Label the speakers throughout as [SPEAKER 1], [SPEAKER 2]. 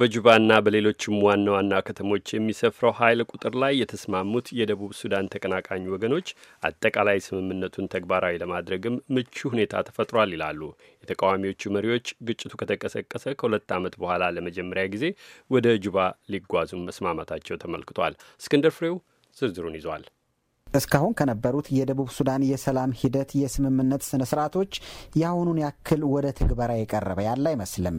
[SPEAKER 1] በጁባና በሌሎችም ዋና ዋና ከተሞች የሚሰፍረው ኃይል ቁጥር ላይ የተስማሙት የደቡብ ሱዳን ተቀናቃኝ ወገኖች አጠቃላይ ስምምነቱን ተግባራዊ ለማድረግም ምቹ ሁኔታ ተፈጥሯል ይላሉ የተቃዋሚዎቹ መሪዎች። ግጭቱ ከተቀሰቀሰ ከሁለት ዓመት በኋላ ለመጀመሪያ ጊዜ ወደ ጁባ ሊጓዙም መስማማታቸው ተመልክቷል። እስክንድር ፍሬው ዝርዝሩን ይዟል።
[SPEAKER 2] እስካሁን ከነበሩት የደቡብ ሱዳን የሰላም ሂደት የስምምነት ስነ ስርዓቶች የአሁኑን ያክል ወደ ትግበራ የቀረበ ያለ አይመስልም።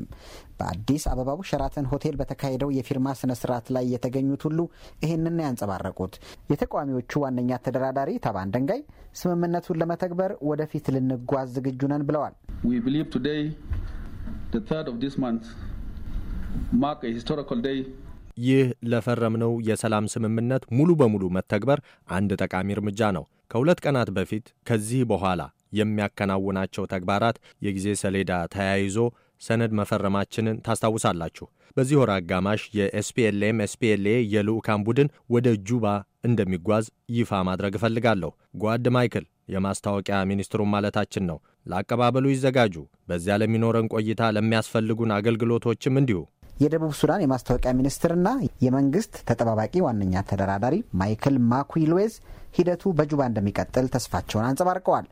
[SPEAKER 2] በአዲስ አበባው ሸራተን ሆቴል በተካሄደው የፊርማ ስነ ስርዓት ላይ የተገኙት ሁሉ ይህንን ያንጸባረቁት የተቃዋሚዎቹ ዋነኛ ተደራዳሪ ታባን ደንጋይ ስምምነቱን ለመተግበር ወደፊት ልንጓዝ ዝግጁ
[SPEAKER 3] ነን ብለዋል። ዊ ይህ ለፈረምነው የሰላም ስምምነት ሙሉ በሙሉ መተግበር አንድ ጠቃሚ እርምጃ ነው። ከሁለት ቀናት በፊት ከዚህ በኋላ የሚያከናውናቸው ተግባራት የጊዜ ሰሌዳ ተያይዞ ሰነድ መፈረማችንን ታስታውሳላችሁ። በዚህ ወር አጋማሽ የኤስፒኤልኤም ኤስፒኤልኤ የልዑካን ቡድን ወደ ጁባ እንደሚጓዝ ይፋ ማድረግ እፈልጋለሁ። ጓድ ማይክል የማስታወቂያ ሚኒስትሩን ማለታችን ነው። ለአቀባበሉ ይዘጋጁ። በዚያ ለሚኖረን ቆይታ ለሚያስፈልጉን አገልግሎቶችም እንዲሁ የደቡብ
[SPEAKER 2] ሱዳን የማስታወቂያ ሚኒስትርና የመንግስት ተጠባባቂ ዋነኛ ተደራዳሪ ማይክል ማኩልዌዝ
[SPEAKER 3] ሂደቱ በጁባ እንደሚቀጥል ተስፋቸውን አንጸባርቀዋል።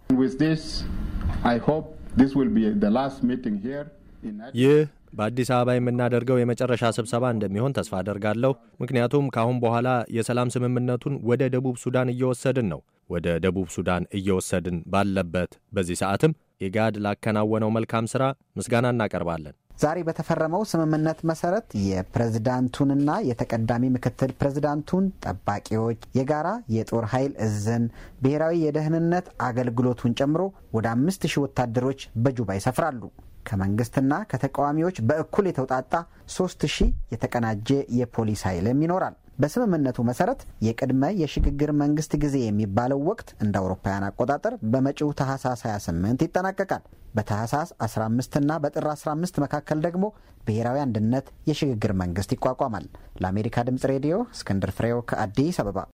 [SPEAKER 3] ይህ በአዲስ አበባ የምናደርገው የመጨረሻ ስብሰባ እንደሚሆን ተስፋ አደርጋለሁ። ምክንያቱም ከአሁን በኋላ የሰላም ስምምነቱን ወደ ደቡብ ሱዳን እየወሰድን ነው። ወደ ደቡብ ሱዳን እየወሰድን ባለበት በዚህ ሰዓትም ኢጋድ ላከናወነው መልካም ሥራ ምስጋና እናቀርባለን።
[SPEAKER 2] ዛሬ በተፈረመው ስምምነት መሰረት የፕሬዝዳንቱንና የተቀዳሚ ምክትል ፕሬዝዳንቱን ጠባቂዎች፣ የጋራ የጦር ኃይል እዝን፣ ብሔራዊ የደህንነት አገልግሎቱን ጨምሮ ወደ አምስት ሺህ ወታደሮች በጁባ ይሰፍራሉ። ከመንግስትና ከተቃዋሚዎች በእኩል የተውጣጣ ሶስት ሺህ የተቀናጀ የፖሊስ ኃይልም ይኖራል። በስምምነቱ መሰረት የቅድመ የሽግግር መንግስት ጊዜ የሚባለው ወቅት እንደ አውሮፓውያን አቆጣጠር በመጪው ታህሳስ 28 ይጠናቀቃል። በታህሳስ 15ና በጥር 15 መካከል ደግሞ ብሔራዊ አንድነት የሽግግር መንግስት ይቋቋማል። ለአሜሪካ ድምፅ ሬዲዮ እስክንድር ፍሬው ከአዲስ አበባ